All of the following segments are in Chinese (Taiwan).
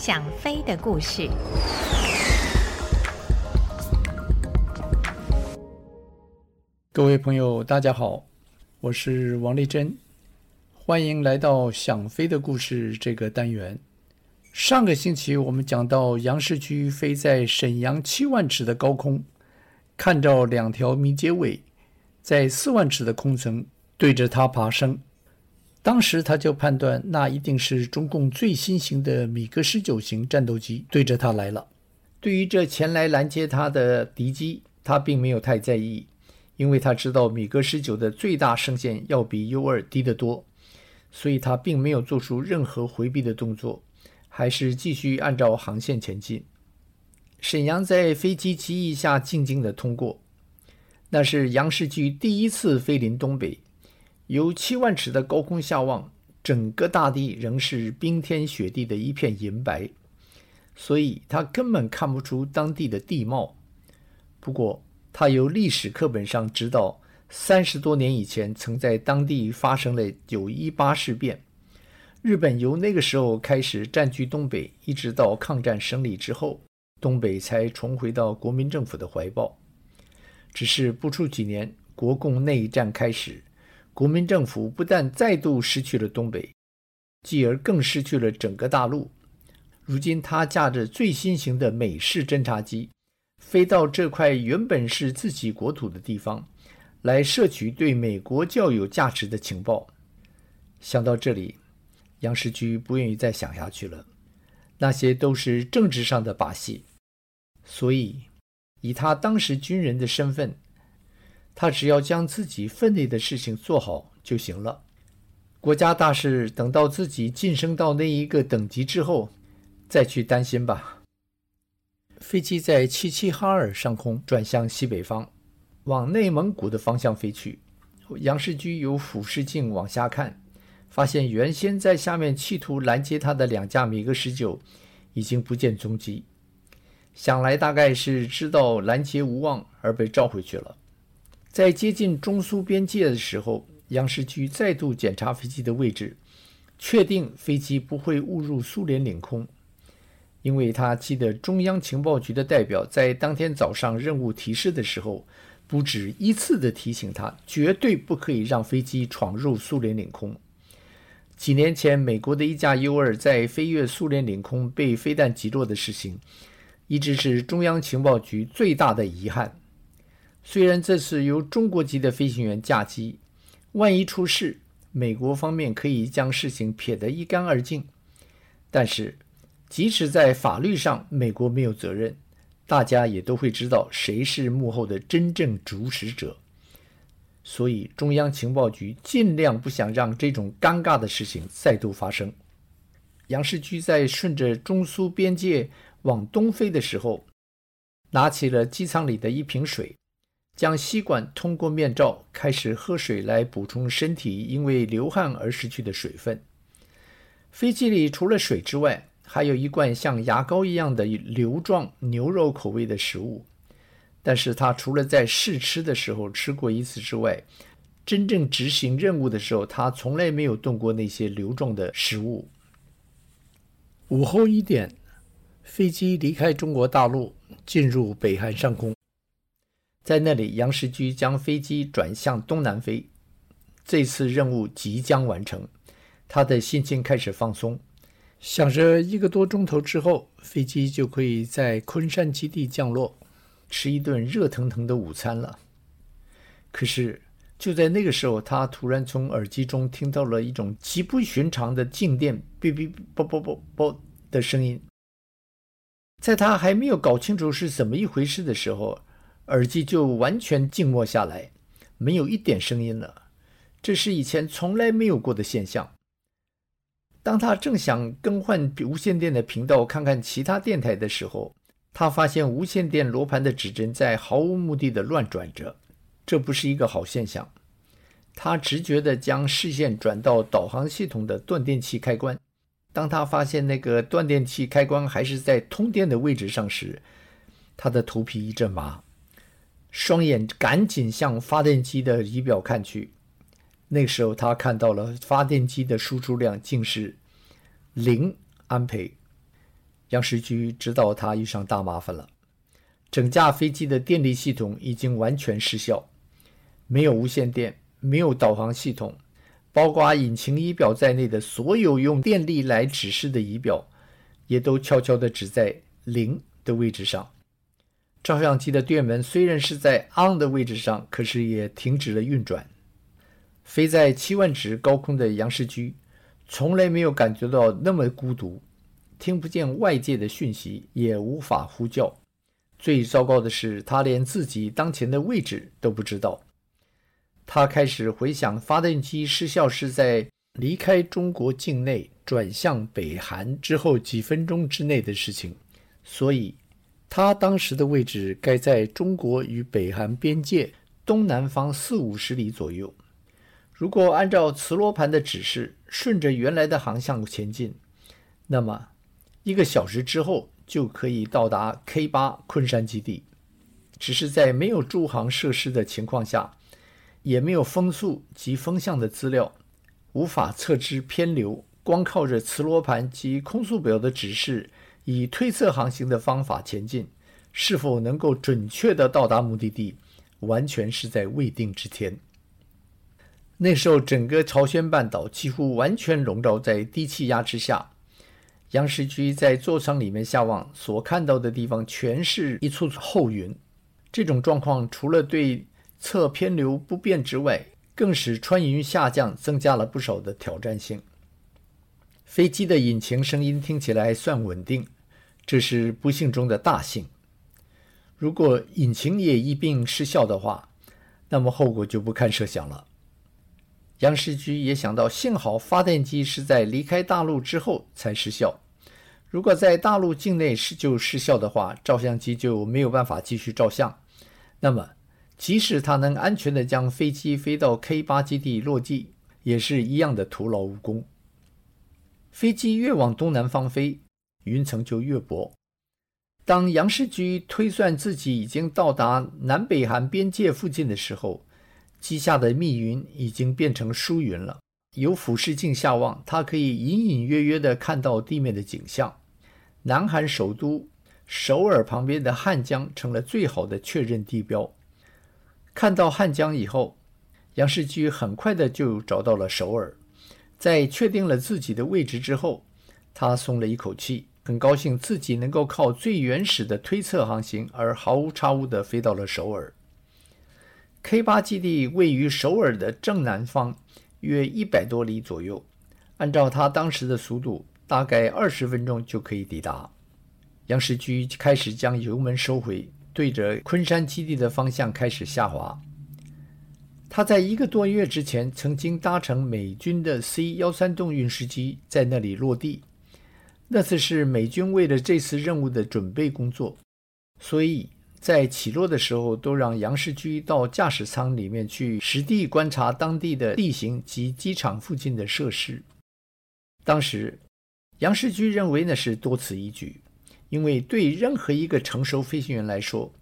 想飛的故事，各位朋友，大家好，我是王麗珍，歡迎來到想飛的故事這個單元。上個星期我們講到楊世駒飛在瀋陽七萬尺的高空，看到兩條凝結尾在四萬尺的空層對着他爬升。當時他就判斷，那一定是中共最新型的米格十九型戰鬥機對着他來了。對於這前來攔截他的敵機，他並沒有太在意，因為他知道米格十九的最大升限要比 U 二低得多，所以他並沒有做出任何回避的動作，還是繼續按照航線前進。瀋陽在飛機機翼下靜靜的通過，那是楊世駒第一次飛臨東北。由七萬尺的高空下望，整個大地仍是冰天雪地的一片銀白，所以他根本看不出當地的地貌。不過，他由歷史課本上知道，三十多年以前曾在當地發生了九一八事變。日本由那個時候開始占據東北，一直到抗戰勝利之後，東北才重回到國民政府的懷抱。只是不出幾年，國共內戰開始。國民政府不但再度失去了東北，繼而更失去了整個大陸。如今，他駕着最新型的美式偵察機，飛到這塊原本是自己國土的地方，來攝取對美國較有價值的情報。想到這裡，楊世駒不願意再想下去了。那些都是政治上的把戲。所以，以他當時軍人的身份，他只要將自己分內的事情做好就行了。國家大事，等到自己晉升到那一個等級之後，再去擔心吧。飛機在齊齊哈爾上空轉向西北方，往內蒙古的方向飛去。楊世駒由俯視鏡往下看，發現原先在下面企圖攔截他的兩架米格十九已經不見蹤跡。想來大概是知道攔截無望而被召回去了。在接近中蘇邊界的時候，楊世駒再度檢查飛機的位置，確定飛機不會誤入蘇聯領空。因為他記得中央情報局的代表在當天早上任務提示的時候，不止一次的提醒他，絕對不可以讓飛機闖入蘇聯領空。幾年前，美國的一架 U-2 在飛越蘇聯領空被飛彈擊落的事情，一直是中央情報局最大的遺憾。雖然這次由中國籍的飛行員駕機，萬一出事，美國方面可以將事情撇得一乾二淨，但是即使在法律上美國沒有責任，大家也都會知道誰是幕後的真正主使者。所以中央情報局儘量不想讓這種尷尬的事情再度發生。楊世駒在順着中蘇邊界往東飛的時候，拿起了機艙裡的一瓶水。將吸管通過面罩開始喝水，來補充身體因為流汗而失去的水分。飛機裡除了水之外，還有一罐像牙膏一樣的流狀牛肉口味的食物。但是，他除了在試吃的時候吃過一次之外，真正執行任務的時候，他從來沒有動過那些流狀的食物。午後一點，飛機離開中國大陸，進入北韓上空。在那裡，楊世駒將飛機轉向東南飛。這次任務即將完成，他的心情開始放鬆，想着一個多鐘頭之後，飛機就可以在昆山基地降落，吃一頓熱騰騰的午餐了。可是就在那個時候，他突然從耳機中聽到了一種極不尋常的靜電“嗶嗶啵啵啵啵”的聲音。在他還沒有搞清楚是怎麼一回事的時候，耳機就完全靜默下來，沒有一點聲音了。這是以前從來沒有過的現象。當他正想更換無線電的頻道，看看其他電台的時候，他發現無線電羅盤的指針在毫無目的的亂轉着，這不是一個好現象。他直覺地將視線轉到導航系統的斷電器開關。當他發現那個斷電器開關還是在通電的位置上時，他的頭皮一陣麻。雙眼趕緊向發電機的儀表看去，那個時候他看到了發電機的輸出量竟是零安培。楊世駒知道他遇上大麻煩了，整架飛機的電力系統已經完全失效，沒有無線電，沒有導航系統，包括引擎儀表在內的所有用電力來指示的儀表，也都悄悄地指在零的位置上。照相機的電門雖然是在 on 的位置上，可是也停止了運轉。飛在七萬尺高空的楊世駒，從來沒有感覺到那麼孤獨，聽不見外界的訊息，也無法呼叫。最糟糕的是，他連自己當前的位置都不知道。他開始回想，發電機失效是在離開中國境內轉向北韓之後幾分鐘之內的事情，所以。他當時的位置該在中國與北韓邊界東南方四五十里左右。如果按照磁羅盤的指示，順着原來的航向前進，那麼一個小時之後就可以到達 K 八昆山基地。只是在沒有駐航設施的情況下，也沒有風速及風向的資料，無法測知偏流，光靠着磁羅盤及空速表的指示。以推測航行的方法前進，是否能夠準確地到達目的地，完全是在未定之前。那時候，整個朝鮮半島幾乎完全籠罩在低氣壓之下。楊世駒在座艙裡面下望，所看到的地方全是一簇簇厚雲。這種狀況除了對側偏流不便之外，更使穿雲下降增加了不少的挑戰性。飛機的引擎聲音聽起來算穩定，這是不幸中的大幸。如果引擎也一併失效的話，那麼後果就不堪設想了。楊世駒也想到，幸好發電機是在離開大陸之後才失效。如果在大陸境內是就失效的話，照相機就沒有辦法繼續照相。那麼，即使他能安全地將飛機飛到 K 八基地落地，也是一樣的徒勞無功。飛機越往東南方飛，雲層就越薄。當楊世駒推算自己已經到達南北韓邊界附近的時候，機下的密雲已經變成疏雲了。由俯視鏡下望，他可以隱隱約約的看到地面的景象。南韓首都首爾旁邊的漢江成了最好的確認地標。看到漢江以後，楊世駒很快的就找到了首爾。在確定了自己的位置之後，他鬆了一口氣，很高興自己能夠靠最原始的推測航行而毫無差誤地飛到了首爾。K 八基地位於首爾的正南方，約一百多里左右。按照他當時的速度，大概二十分鐘就可以抵達。楊世駒開始將油門收回，對着昆山基地的方向開始下滑。他在一個多月之前曾經搭乘美軍的 C 幺三洞運輸機在那裡落地。那次是美軍為了這次任務的準備工作，所以在起落的時候都讓楊世駒到駕駛艙裡面去實地觀察當地的地形及機場附近的設施。當時楊世駒認為那是多此一舉，因為對任何一個成熟飛行員來說，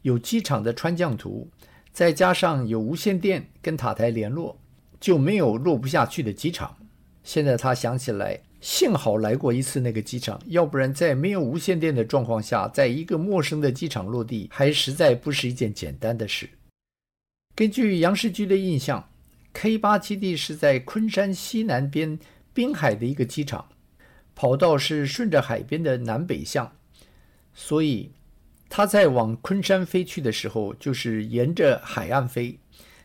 有機場的穿降圖。再加上有無線電跟塔台聯絡，就沒有落不下去的機場。現在他想起來，幸好來過一次那個機場，要不然在沒有無線電的狀況下，在一個陌生的機場落地，還實在不是一件簡單的事。根據楊世駒的印象，K 八基地是在昆山西南邊濱海的一個機場，跑道是順着海邊的南北向，所以。他在往昆山飛去的時候，就是沿着海岸飛，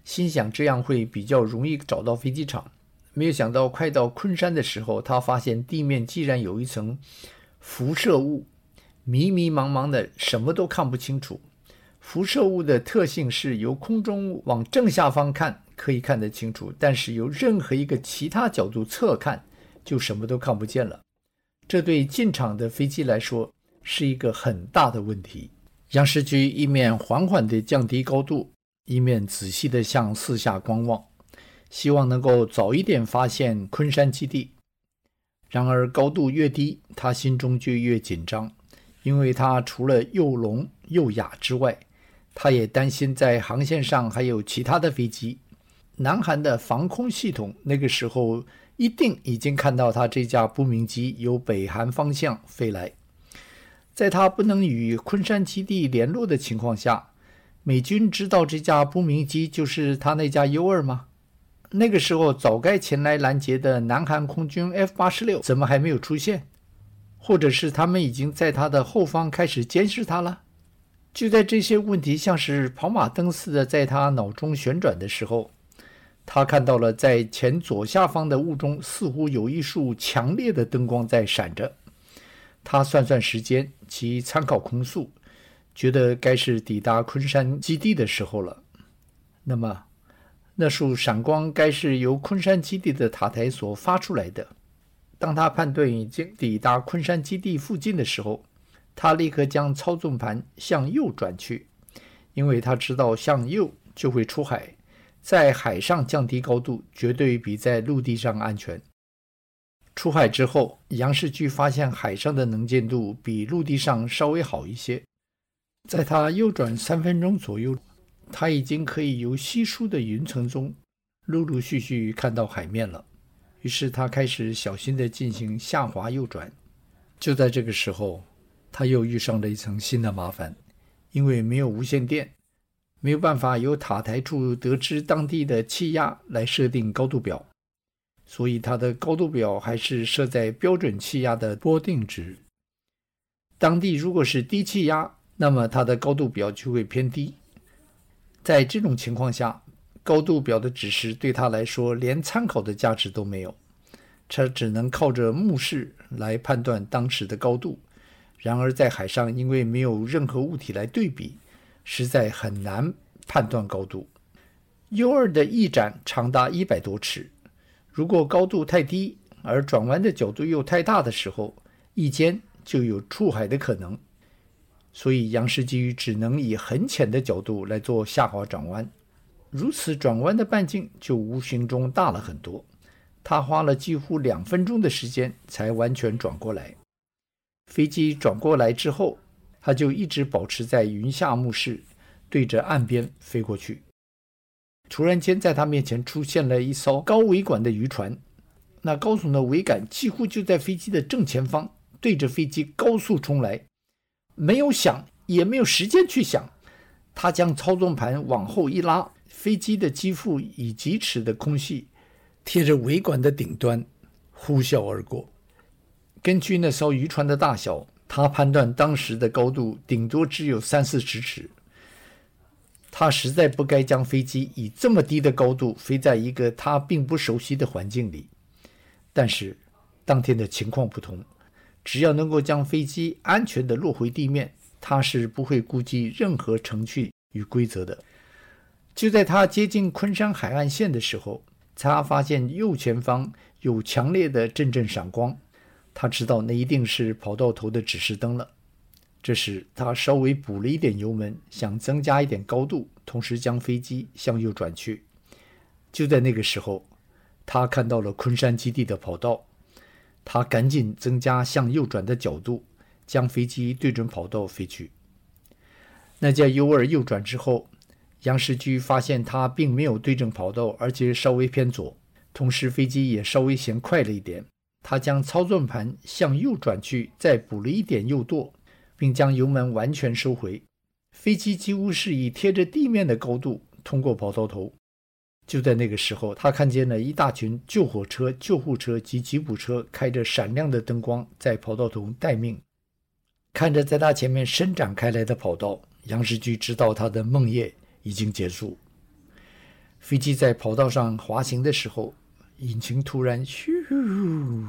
心想這樣會比較容易找到飛機場。沒有想到，快到昆山的時候，他發現地面竟然有一層輻射霧，迷迷茫茫的，什麼都看不清楚。輻射霧的特性是由空中往正下方看，可以看得清楚，但是由任何一個其他角度側看，就什麼都看不見了。這對進場的飛機來說是一個很大的問題。楊世駒一面緩緩地降低高度，一面仔細地向四下觀望，希望能夠早一點發現昆山基地。然而，高度越低，他心中就越緊張，因為他除了又聾又啞之外，他也擔心在航線上還有其他的飛機。南韓的防空系統那個時候一定已經看到他這架不明機由北韓方向飛來。在他不能與昆山基地聯絡的情況下，美軍知道這架不明機就是他那架 U2 嗎？那個時候早該前來攔截的南韓空軍 F 八十六怎麼還沒有出現？或者是他們已經在他的後方開始監視他了？就在這些問題像是跑馬燈似的在他腦中旋轉的時候，他看到了在前左下方的霧中似乎有一束強烈的燈光在閃着。他算算時間，及參考空速，覺得該是抵達昆山基地的時候了。那麼，那束閃光該是由昆山基地的塔台所發出來的。當他判斷已經抵達昆山基地附近的時候，他立刻將操縱盤向右轉去，因為他知道向右就會出海，在海上降低高度絕對比在陸地上安全。出海之後，楊世駒發現海上的能見度比陸地上稍微好一些。在他右轉三分鐘左右，他已經可以由稀疏的雲層中陸陸續續看到海面了。於是他開始小心地進行下滑右轉。就在這個時候，他又遇上了一層新的麻煩，因為沒有無線電，沒有辦法由塔台處得知當地的氣壓來設定高度表。所以它的高度表還是設在標準氣壓的撥定值。當地如果是低氣壓，那麼它的高度表就會偏低。在這種情況下，高度表的指示對他來說連參考的價值都沒有，他只能靠着目視來判斷當時的高度。然而在海上，因為沒有任何物體來對比，實在很難判斷高度。U2 的翼展長達一百多尺。如果高度太低，而轉彎的角度又太大的時候，翼尖就有觸海的可能。所以楊世駒只能以很淺的角度來做下滑轉彎，如此轉彎的半徑就無形中大了很多。他花了幾乎兩分鐘的時間才完全轉過來。飛機轉過來之後，他就一直保持在雲下目視，對着岸邊飛過去。突然間，在他面前出現了一艘高桅杆的漁船，那高聳的桅杆幾乎就在飛機的正前方，對着飛機高速衝來。沒有想，也沒有時間去想，他將操縱盤往後一拉，飛機的機腹以幾尺的空隙貼着桅杆的頂端呼嘯而過。根據那艘漁船的大小，他判斷當時的高度頂多只有三四十尺。他實在不該將飛機以這麼低的高度飛在一個他並不熟悉的環境裡，但是當天的情況不同，只要能夠將飛機安全地落回地面，他是不會顧及任何程序與規則的。就在他接近昆山海岸線的時候，他發現右前方有強烈的陣陣閃光，他知道那一定是跑道頭的指示燈了。這時，他稍微補了一點油門，想增加一點高度，同時將飛機向右轉去。就在那個時候，他看到了昆山基地的跑道，他趕緊增加向右轉的角度，將飛機對準跑道飛去。那架 U2 右轉之後，楊世駒發現它並沒有對正跑道，而且稍微偏左，同時飛機也稍微嫌快了一點。他將操縱盤向右轉去，再補了一點右舵。並將油門完全收回，飛機幾乎是以貼着地面的高度通過跑道頭。就在那個時候，他看見了一大群救火車、救護車及吉普車開着閃亮的燈光在跑道頭待命。看着在他前面伸展開來的跑道，楊世駒知道他的夢魘已經結束。飛機在跑道上滑行的時候，引擎突然“咻咻”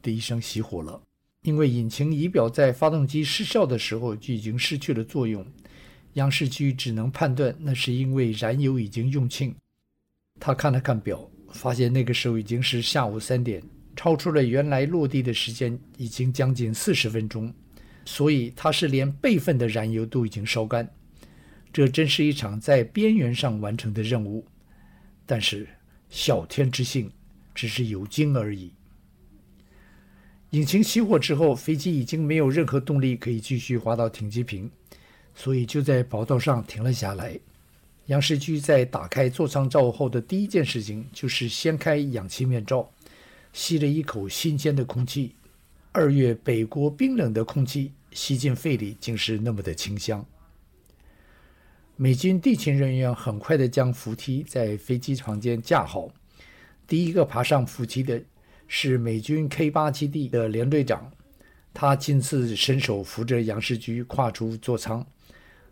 的一聲熄火了。因為引擎儀表在發動機失效的時候就已經失去了作用，楊世駒只能判斷那是因為燃油已經用盡。他看了看表，發現那個時候已經是下午三點，超出了原來落地的時間，已經將近四十分鐘。所以他是連備份的燃油都已經燒乾。這真是一場在邊緣上完成的任務，但是小天之幸，只是有驚而已。引擎熄火之後，飛機已經沒有任何動力可以繼續滑到停機坪，所以就在跑道上停了下來。楊世駒在打開座艙罩後的第一件事情就是掀開氧氣面罩，吸了一口新鮮的空氣。二月北國冰冷的空氣吸進肺裡，竟是那麼的清香。美軍地勤人員很快的將扶梯在飛機艙間架好，第一個爬上扶梯的。是美軍 K8 基地的聯隊長，他親自伸手扶着楊世駒跨出座艙，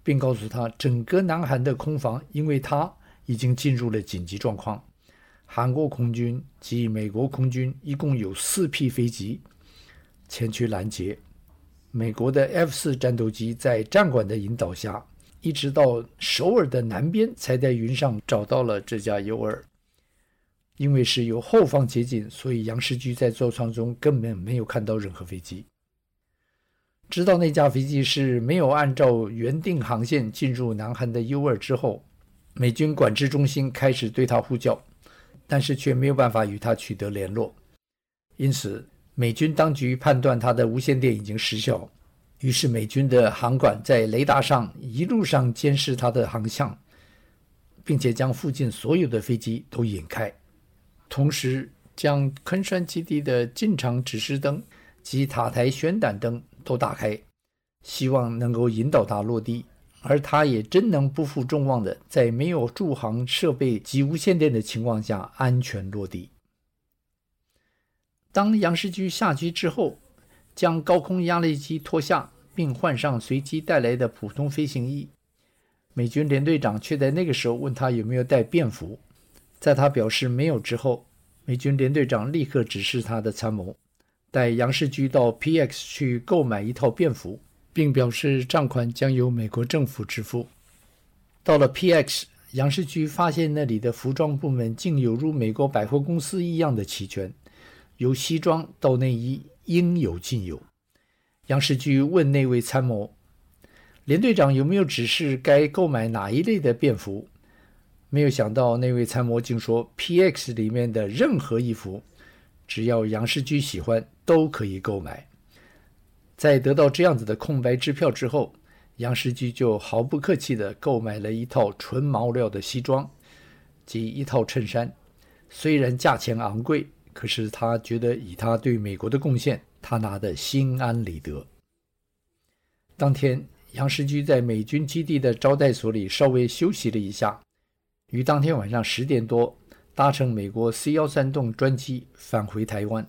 並告訴他，整個南韓的空防因為他已經進入了緊急狀況。韓國空軍及美國空軍一共有四批飛機前去攔截。美國的 F4 戰鬥機在戰管的引導下，一直到首爾的南邊才在雲上找到了這架 U2。因為是由後方接近，所以楊世駒在座艙中根本沒有看到任何飛機。直到那架飛機是沒有按照原定航線進入南韓的 U2 之後，美軍管制中心開始對他呼叫，但是卻沒有辦法與他取得聯絡。因此，美軍當局判斷他的無線電已經失效，於是美軍的航管在雷達上一路上監視他的航向，並且將附近所有的飛機都引開。同時，將昆山基地的進場指示燈及塔台旋轉燈都打開，希望能夠引導他落地。而他也真能不負眾望的，在沒有助航設備及無線電的情況下安全落地。當楊世駒下機之後，將高空壓力機脫下，並換上隨機帶來的普通飛行衣。美軍聯隊長卻在那個時候問他有沒有帶便服。在他表示沒有之後，美軍聯隊長立刻指示他的參謀帶楊世駒到 PX 去購買一套便服，並表示賬款將由美國政府支付。到了 PX，楊世駒發現那裡的服裝部門竟有如美國百貨公司一樣的齊全，由西裝到內衣應有盡有。楊世駒問那位參謀，聯隊長有沒有指示該購買哪一類的便服？沒有想到，那位參謀竟說：“PX 裡面的任何衣服，只要楊世駒喜歡，都可以購買。”在得到這樣子的空白支票之後，楊世駒就毫不客氣地購買了一套純毛料的西裝及一套襯衫。雖然價錢昂貴，可是他覺得以他對美國的貢獻，他拿的心安理得。當天，楊世駒在美軍基地的招待所裡稍微休息了一下。於當天晚上十點多，搭乘美國 C 幺三洞專機返回台灣。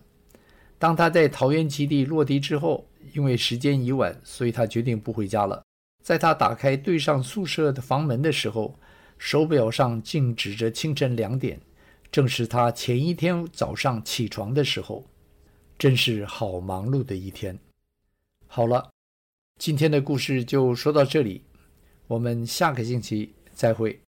當他在桃園基地落地之後，因為時間已晚，所以他決定不回家了。在他打開對上宿舍的房門的時候，手表上竟指着清晨兩點，正是他前一天早上起床的時候。真是好忙碌的一天。好了，今天的故事就說到這裡，我們下個星期再會。